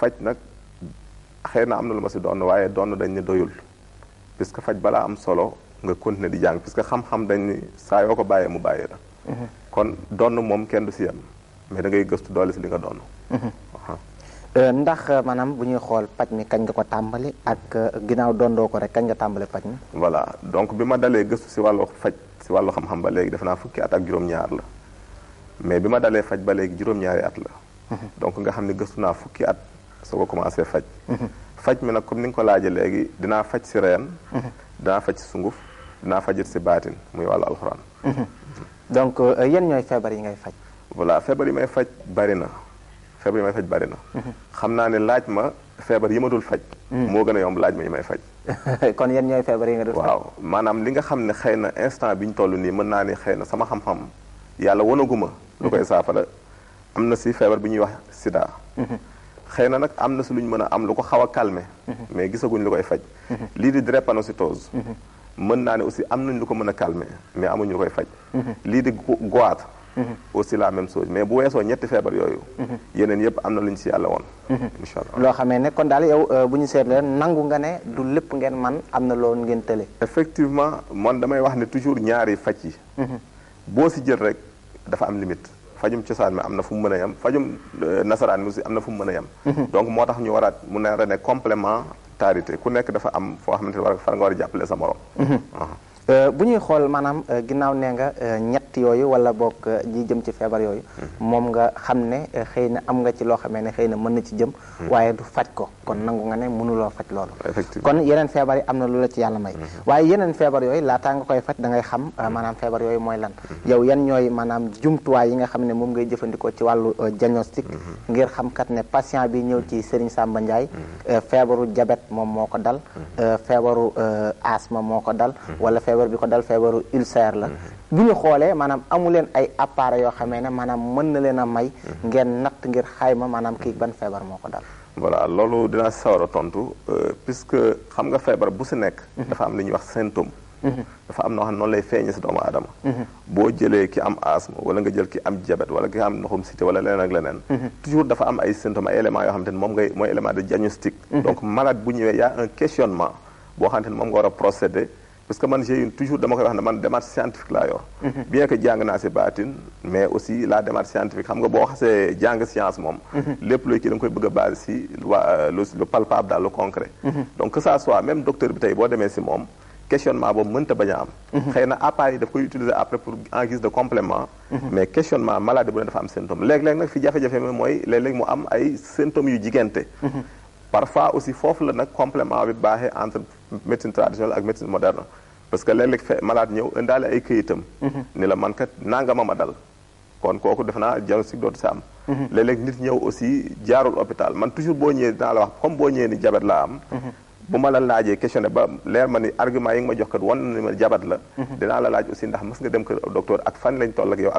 faj nag xëy na am na lu ma si donn waaye donn dañ ne doyul que faj balaa am solo nga continuer di jàng que xam-xam dañ ni saa yoo ko bàyyee mu bàyyee la. Mhm. kon doon moom kenn du si yem mais da ngay gëstu doole si li nga doon. Mhm. Euh, ndax euh, maanaam bu ñuy xool paj mi kañ nga ko tàmbali ak euh, ginnaaw donn ko rek kañ nga tàmbali paj mi. voilà donc bi ma dalee gëstu si wàllu faj si wàllu xam-xam ba léegi defe naa fukki at ak juróom-ñaar la mais bi ma dalee faj ba léegi juróom-ñaari at la. Mhm. donc nga xam ne gëstu naa fukki at. soo ko commencé faj faj mi nag comme ni nga ko laaje léegi dinaa faj si reen dinaa faj si sunguf dinaa fajit si baatin muy wàllu alxuraan donc euh, yan ñooy feebar yi ngay faj voilà feebar yi may faj bari na feebar yi may faj bari na xam naa ne laaj ma feebar yi ma dul faj moo gën a yomb laaj ma may faj kon yan ñooy feebar yi nga dul faj waaw maanaam li nga xam ne xëy na instant bi ñu toll nii mën naa ne xëy na sama xam-xam yàlla wanaguma lu koy saafara am na si feebar bi ñuy wax sida xeyna nak amna su na mëna am lu ko xawa calmer mhm. mais gisaguñ lu koy faj mhm. li di drépanocytose mhm. mën naa ne aussi am nañ lu ko mën a calmé mais amuñ lu koy faj lii di goitre aussi la même chose mais bu weesoo ñetti feebar yooyu yeneen yépp am na lu ñu si yàlla woon incha allah loo xamee ne kon daal yow euh, bu ñu seetlee nangu nga ne du lépp ngeen man am na loolu ngeen tële effectivement man damay wax ne toujours ñaari faj yi boo si jël rek dafa am limite fajum cosaan mi am na fu mu mën a yem fajum euh, nasaraan mi aussi am na fu mu mën a yem mhm. donc moo tax ñu waraat mu ne ne complémentarité ku nekk dafa am foo xam ne war far nga war a jàppale sa morom mhm. ah. Euh, bu ñuy xool maanaam euh, ginnaaw nee nga euh, ñett yooyu wala boog ji jëm ci feebar yooyu hmm. moom nga xam ne xëy na am nga ci loo xamee ne xëy na mën na ci jëm hmm. waaye du faj ko kon hmm. nangu nga ne mënuloo faj loolu kon yeneen feebar yi am na lu la ci yàlla may waaye yeneen feebar yooyu laataa nga koy faj da ngay xam maanaam feebar yooyu mooy lan yow yan ñooy maanaam jumtuwaay yi nga xam ne moom ngay jëfandikoo ci wàllu diagnostic ngir xam kat ne patient bi ñëw ci Serigne Samba Ndiaye feebaru diabète moom moo ko dal feebaru asthme moo ko dal feebar bi ko dal feebaru ulcère la buñu xolé manam maanaam amu leen ay appareil yo xamé ne manam mën na leena may ngeen nat ngir xayma manam ki ban feebar moko dal voilà lolu dina sawar tontu puisque xam nga feebar bu ci nek dafa am liñ wax symptôme dafa am no xam non lay feñ ci doomu adam bo jëlé ki am asthme wala nga jël ki am diabète wala ki am noxum cité wala leneen ak leneen toujours dafa am ay symptôme ay élément yo xam mom ngay moy élément de diagnostic donc malade bu ñëwé ya un questionnement bo xam mom nga wara procéder parce que man j'ai toujours dama koy wax na man démarche scientifique la yor. Mhm. bien que jàng naa si baatin mais aussi la démarche scientifique xam nga bo xasse jang science mom mhm. lepp loy ci dang koy bëgg base euh, palpable dans le concret. Mhm. donc que ça soit même docteur bi tay bo demee ci mom questionnement boobu mënta bañ a am. xëy appareil daf koy utiliser après pour en guise de complément. mais questionnement malade bu ne dafa am symptôme léeg-léeg nag fi jafe-jafe mooy léeg-léeg mu am ay symptômes yu jigéente. parfois aussi foofu la nag complément bi baaxee entre médecine traditionnelle ak médecine moderne parce que léeg-léeg fe malade ñëw indaale ay këyitam. Mhm. ni la man kat nangama ma dal. kon kooku def naa diagnostic dootu sa am. Mhm. léeg-léeg nit ñëw aussi jaarul hôpital man toujours boo ñëwee dinaa la wax comme boo ñëwee ni jabet laa am. Mhm. bu ma la laajee questionné ba leer ma ni argument yi nga ma jox kat wan ni ma jabat la mhm. dinaa la laaj aussi ndax mës nga dem kër docteur ak fan lañ toll ak yow mhm.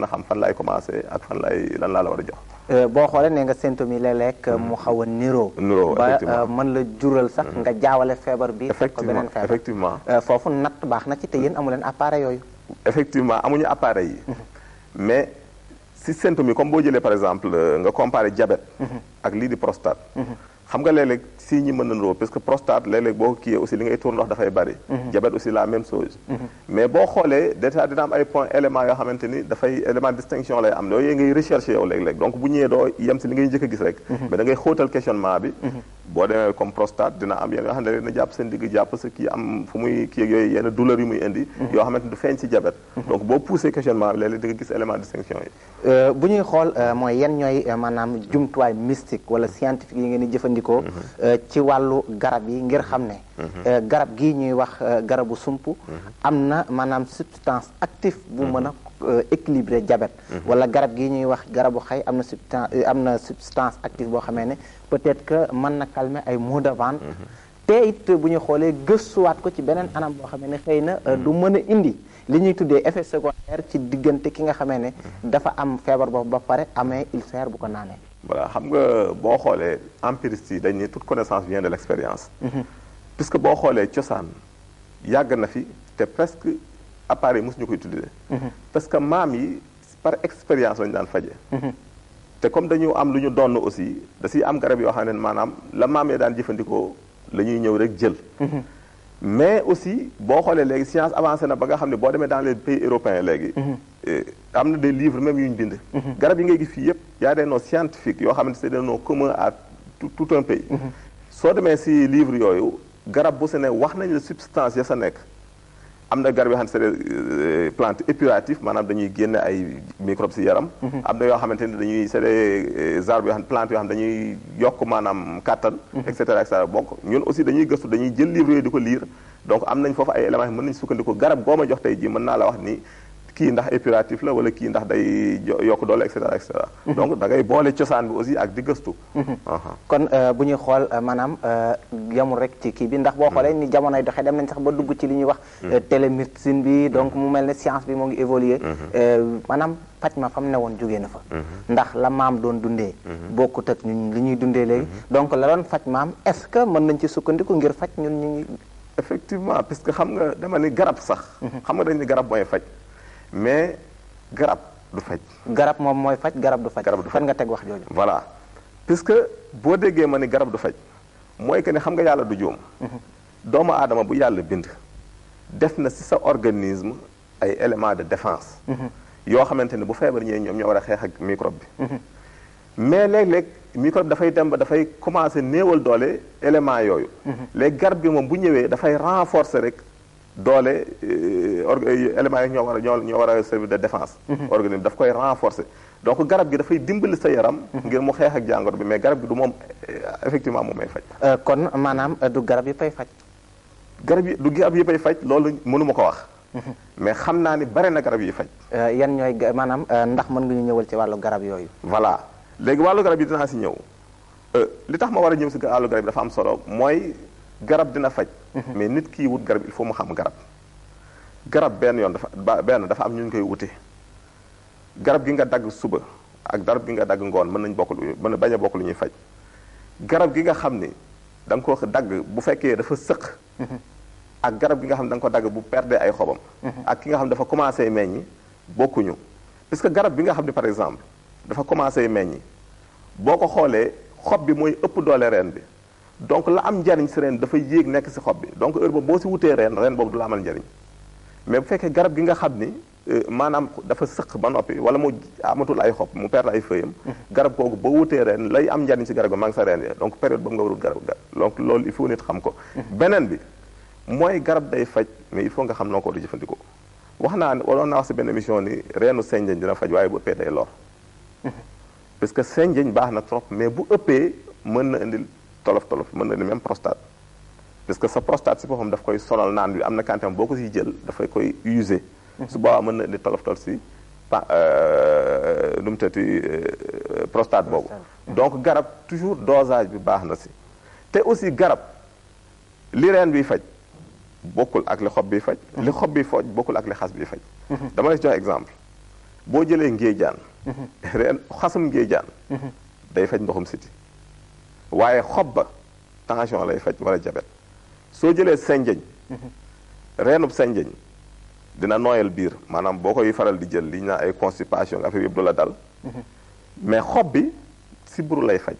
a xam fan laay commencé ak a jox euh, boo xoolee ne nga symptômes yi léeg euh, mu mhm. xaw a niroo niroo ba euh, mën la jural sax nga jaawale feebar bi ko beneen feebar effectivement foofu natt baax na ci te yéen amu leen appareil yooyu effectivement amuñu appareil yi mais si symptômes yi comme boo par exemple euh, nga comparer diabète mhm. ak lii di prostate mhm. xam nga léeg-léeg signes yi mën na parce que prostate léeg-léeg boo ko aussi li ngay tuur dafay bari. Mhm. diabète aussi la même chose. Mhm. mais boo xoolee déjà dina am ay points éléments yoo xamante dafay élément distinction lay am yooyu ngay a mhm. yooyu maanaam jumtuwaay mystique wala scientifique yi ngeen jëfandikoo euh, ci wàllu garab yi ngir xam ne mhm. euh, garab gi ñuy wax euh, garabu sump mhm. am na maanaam substance active bu mhm. mën a euh, équilibré jabet wala garab gi ñuy wax garabu xay am na substance am na substance active boo xamee ne peut-être que mën na calmer ay maux de ventre te it bu ñu xoolee gëstuwaat ko ci beneen anam boo xamee ne xëy na du mën a indi li ñuy tuddee effet secondaire ci diggante ki nga xamee ne dafa am feebar boobu ba pare amee ulcère bu ko naanee voilà xam nga boo xoolee empiriste yi dañ ni toute connaissance vient de l' expérience. Mhm. puisque boo xoolee cosaan yàgg na fi te presque appareil mosuñu ko utiliser. Mhm. parce que maam yi par expérience lañu daan faje mhm. te comme dañu am lu ñu donn aussi da siy am garab yoo xam ne maanaam la maam yi daan jëfandikoo la ñuy ñëw rek jël. mais aussi boo xoolee léegi science avancée na ba nga xam ne boo demee dans les pays européens léegi. Euh, am na des livres même yu ñu bind. Mhm. garab yi ngay gis fii yëpp y a des noms yoo xamante ne c'est des noms communs tout tout un mhm. soo demee si livre yooyu garab bu se ne wax nañ la substance ya sa nekk am na garab yoo xamante ne c'est euh, plante épurative maanaam dañuy génne ay microbes si yaram. Mhm. am na yoo xamante ne dañuy c'est des euh, arbres yoo dañuy yokk maanaam kattan. et cetera et cetera bokk ñun aussi dañuy gëstu dañuy jël livre yooyu di ko lire donc am nañ foofu ay éléments mën nañ sukkandiku garab goo ma jox tey jii mën naa la wax nii kii ndax épuratif la wala kii ndax day yokk doole et cetera et cetera mm-hmm. donc da ngay boole cosaan bi aussi ak di gëstu mm-hmm. uh-huh. kon euh, bu ñuy xool euh, maanaam euh, yamul rek ci kii bi ndax boo xoolee mm-hmm. ni jamonoy doxee dem nañ sax ba dugg ci li ñuy wax télémédecine bi donc mu mel ne science bi moo ngi évoluer maanaam paj ma fam ne woon jógee na fa ndax la maam doon dundee bokkut ak ñun li ñuy dundee léegi donc la doon faj maam est-ce que mën nañ ci sukkandiku ngir faj ñun ñu effectivement parce que xam nga dama ni mais garab du faj. garab mom moy faj garab du faj. garab du faj nga teg wax jojo voilà puisque boo déggee ma ni garab du faj moy que ne xam nga yalla du juum. Mm-hmm. doomu adama bu yalla bind. def na ci sa organisme ay éléments de défense. Mm-hmm. yo xamante bu fièvre ñee ñom ñoo war a ak microbe bi. Mm-hmm. mais léeg-léeg microbe dafay dem ba dafay commencer néewal doole élément yooyu. léegi garab bi moom bu ñëwee dafay renforcer rek. doole euh, euh, éléments yi ñoo war a ñoo war a service de défense mhm. organisme daf koy renforcer donc garab gi dafay dimbali sa yaram mhm. ngir mu xeex ak jàngoro bi mais garab gi du moom euh, effectivement moom may faj kon maanaam du garab yi pay faj garab yi du garab yi faj loolu mënuma ko wax mhm. mais xam naa ni bare na garab yi faj yan ñooy maanaam ndax mën nga ñu ñëwal ci wàllu garab yooyu voilà léegi wàllu garab yi dinaa si ñëw li tax ma war a ñëw si wàllu garab yi dafa am solo mooy garab dina faj. Mhm. mais nit kii wut garab il faut mu xam garab. garab benn yoon dafa benn dafa am ñu ñu koy wute garab gi nga dagg suba ak garab gi nga dagg ngoon mën nañ bokk lu mën bañ a bokk lu ñuy faj garab gi nga xam ni danga nga ko dagg bu fekkee dafa sëq. Mhm. ak garab gi nga xam ne danga ko dagg bu perdee ay xobam. Mhm. ak ki nga xam dafa commencé meññi bokkuñu parce que garab bi nga xam ne par exemple dafa commencé meññi boo ko xoolee xob bi mooy ëpp doole reen bi. donc la am njariñ si reen dafay yéeg nekk si xob bi donc heure boobu boo si wutee ren ren boobu du la amal njariñ mais bu fekkee garab gi nga xam ni maanaam dafa sëq ba noppi wala mu amatul ay xob mu perdre ay feuyam garab kooku boo wutee ren lay am njariñ si garab gi maa ngi sa ren ya donc période boobu nga warul garab donc loolu il faut nit xam ko beneen bi mooy garab day faj mais il faut nga xam noo ko war a jëfandikoo wax naa ne waloon naa wax si benn émission ni reenu senjeñ dina faj waaye bu ëppee day lor parce que senjeñ baax na trop mais bu ëppee mën na indil tolof tolof mën même prostate parce que sa prostate si pour daf koy sonal naan bi am na quantité boo dafay koy user. Mhm. su prostate donc garab toujours dosage bi aussi garab li faj ak li xob bi mhm. mhm. dama lay jox exemple boo jëlee ngéejaan ren xasum ngéejaan day waaye xob ba tension lay faj wala jabet soo jëlee senjeñ reenub senjeñ dina nooyal biir maanaam boo koy faral di jël li ñu naan ay constipation affaire yëpp du la dal mais xob bi si sibbiru lay faj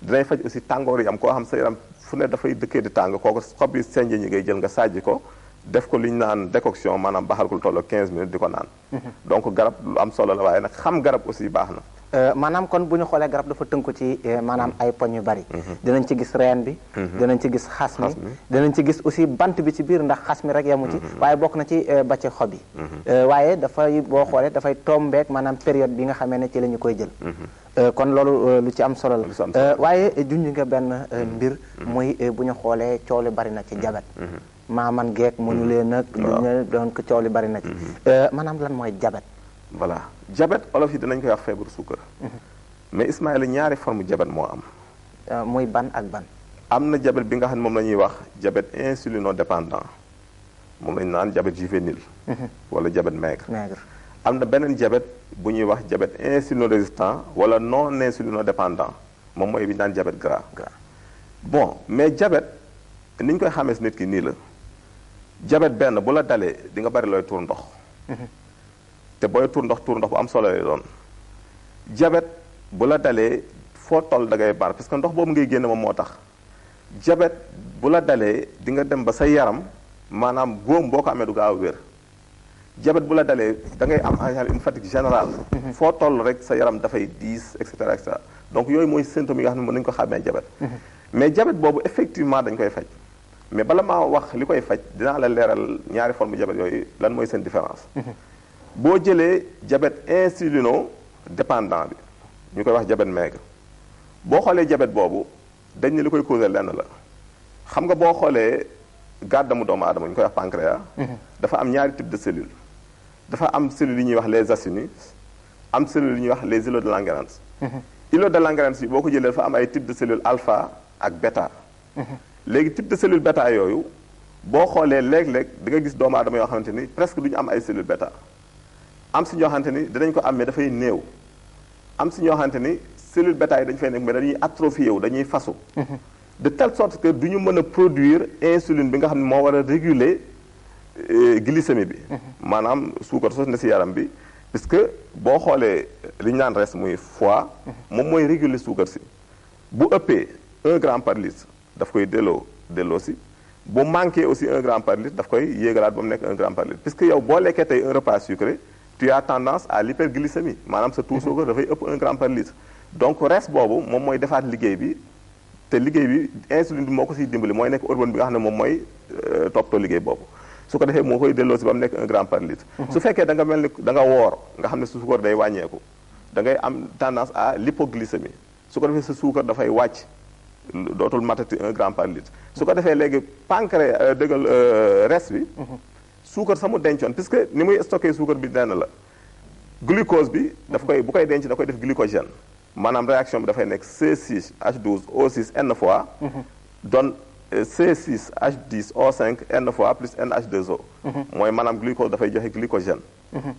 dinay faj aussi tàngoor yi am koo xam sa yaram fu ne dafay dëkkee di tàng kooku xob yi senjeñ yi ngay jël nga sajj ko def ko li ñu naan décoction maanaam baxal ko lu tolloo 15 minutes di ko naan donc garab lu am solo la waaye nag xam garab aussi baax na Euh, maanaam kon bu ñu xoolee garab dafa tënku ci euh, maanaam ay poñ yu bari mhm. dinañ ci gis reen bi mhm. dinañ ci gis xas mi dinañ ci gis aussi bant bi ci biir ndax xas mi rek yamu ci mhm. waaye bokk na ci euh, ba ci xob yi waaye dafay boo xoolee dafay tombeek maanaam période bi nga xamee ne ci lañu koy jël kon loolu lu ci am solo la waaye junj nga benn mbir muy bu ñu xoolee coow lu bari na ci jabet maaman geek mu ñu leen nag lu ñu doon ko coow bari na ci maanaam lan mooy jabet voilà jabet olof yi dinañ koy wax feebaru suukar. Mhm. mais Ismaïla ñaari forme jabet moo am. Euh, muy ban ak ban. am na jabet bi nga xam ne moom la ñuy wax jabet insulino dépendant moom la naan jabet juvénile. Mhm. wala jabet maigre. maigre am na beneen jabet bu ñuy wax jabet insulino résistant wala non insulino dépendant moom mooy bi naan jabet gras. bon mais jabet ni koy xamee si nit ki nii la jabet benn bu la dalee di nga bari looy tuur ndox. Mhm. te booy tuur ndox tuur ndox bu am solo lay doon jabet bu la dalee foo toll da ngay bar parce que ndox boobu ngay génn moom moo tax jabet bu la dalee di nga dem ba sa yaram maanaam góom boo ko amee du gaaw wér jabet bu la dalee da ngay am en général une fatigue mhm. foo toll rek sa yaram dafay diis et cetera et cetera donc yooyu mooy symptômes yi nga xam ne mën nañ ko xàmmee jabet mhm. mais jabet boobu effectivement dañ koy faj mais bala maa wax li koy faj dinaa la leeral ñaari forme jabet yooyu lan mooy seen différence mhm. boo jëlee jabet insulino dépendant bi ñu koy wax diabète maigre boo xoolee jabet boobu dañ ne lu koy causé lenn la xam nga boo xoolee gàddamu doomu aadama ñu koy wax pancréas mhm. dafa am ñaari type de cellule dafa am cellule yi ñuy wax les acinis am cellule yi ñuy wax les îlots de Langerhans mhm. îlots de Langerhans yi boo ko jëlee dafa am ay type de cellule alpha ak bêta mhm. léegi type de cellule beta yooyu boo xoolee léeg-léeg di nga gis doom aadama yoo xamante ni presque du ñu am ay cellule bêta am si ñoo xamante ni dinañ ko am mais dafay néew am si ñoo xamante ni cellule bétail dañu fay nekk mais dañuy atrophié wu dañuy fasu mhm. de telle sorte que du ñu mën a produire insuline bi nga xam ne moo war a réguler euh, glycémie bi mhm. maanaam suukar soo na si yaram bi que boo xoolee li ñu naan res muy foie mhm. moom mooy réguler suukar si bu ëppee un gramme par litre daf koy delloo delloo si bu manqué aussi un gramme par litre daf koy yéegalaat ba mu nekk un gramme par litre puisque yow boo tu as tendance à l'hyperglycémie maanaam sa taux sucre dafay ëpp 1 gramme par litre donc reste boobu moom mooy defaat liggéey bi te liggéey bi insuline bi moo ko siy dimbali mooy nekk hormone bi nga xam ne moom mooy euh, toppatoo liggéey boobu su ko defee moo koy delloo si ba mu nekk 1 gramme par litre mhm. su fekkee da nga mel ni da nga woor nga xam ne sa suukar day wàññeeku da ngay am tendance à l'hypoglycémie su ko defee sa suukar dafay wàcc dootul matati 1 su ko defee léegi pancréas euh, dëggal euh, reste bi mhm. suukar sama dencoon que ni muy stocké suukar bi lenn la glucose bi daf koy bu koy denc da koy def glycogène maanaam réaction bi dafay nekk C6H12O6N fois donne euh, C6H10O5N fois plus NH2O mooy maanaam glucose dafay joxe glycogène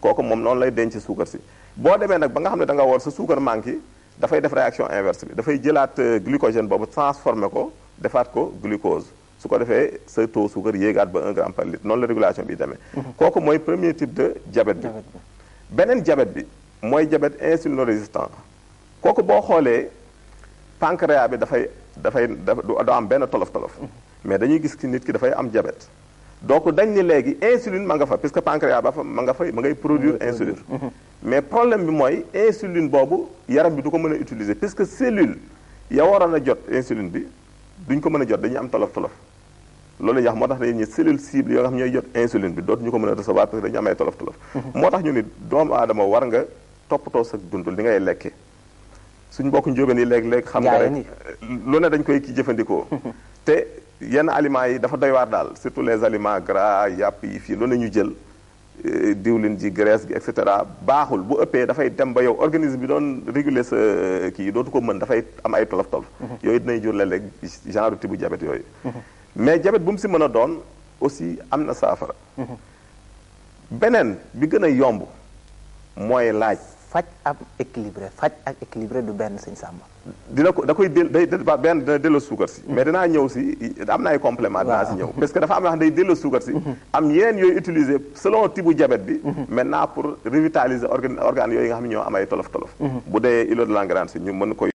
kooku moom noonu lay denc suukar si boo demee nag ba nga xam ne da nga war sa suukar manqué dafay def réaction inverse bi dafay jëlaat euh, glycogène boobu transformé ko defaat ko glucose su ko defee sa taux sucre yégaat ba 1 grand par litre noonu la régulation bi démé mhm. koku moy premier type de diabète bi. beneen diabète bi moy diabète insulino résistant koku bo xolé pancréas bi dafay dafay du am ben tolof tolof. Mhm. mais dañuy gis ki nit ki dafay am diabète. donc dañ ni légui insuline ma nga fa puisque pancréas ba fa ma nga fay ma ngay produire insuline. Mhm. mais problème bi moy insuline bobu yaram bi du ko mën a utiliser puisque cellule ya warana a jot insuline bi duñ ko meuna jot dañuy am tolof tolof. loolu yax moo tax dañuy cellule cible yoo nga xam ñooy jot insuline bi dootuñu ko mën mhm. ñu doomu aadama war nga toppatoo sa dund li ngay lekke suñ mbokk njóobeen yi léeg-léeg xam nga rek lu ne dañ koy jëfandikoo mhm. te yenn aliments yi dafa doy waar daal surtout les aliments gras yàpp yi fii lu ne ñu jël eh, diwlin ji graisse gi et cetera baaxul bu ëppee dafay dem ba yow organisme bi doon réguler sa eh, kii dootu ko mën dafay am ay tolof tolof mhm. yooyu dinay jur léeg-léeg genre ti bu diabète yooyu mais jabet bu mu si mën a doon aussi am na saafara beneen bi gën a yomb mooy laaj faj ak équilibré faj ak équilibré du benn sëñ Samba dina ko del day benn dina delloo suukar si mais dinaa ñëw si am na complément dinaa si ñëw parce que dafa am na xam day delloo suukar si am yeneen yooyu utiliser selon tibu jabet bi maintenant pour revitaliser organes yooyu nga xam ñoo am tolof tolof bu dee îlot de Langerhans si ñu mën koy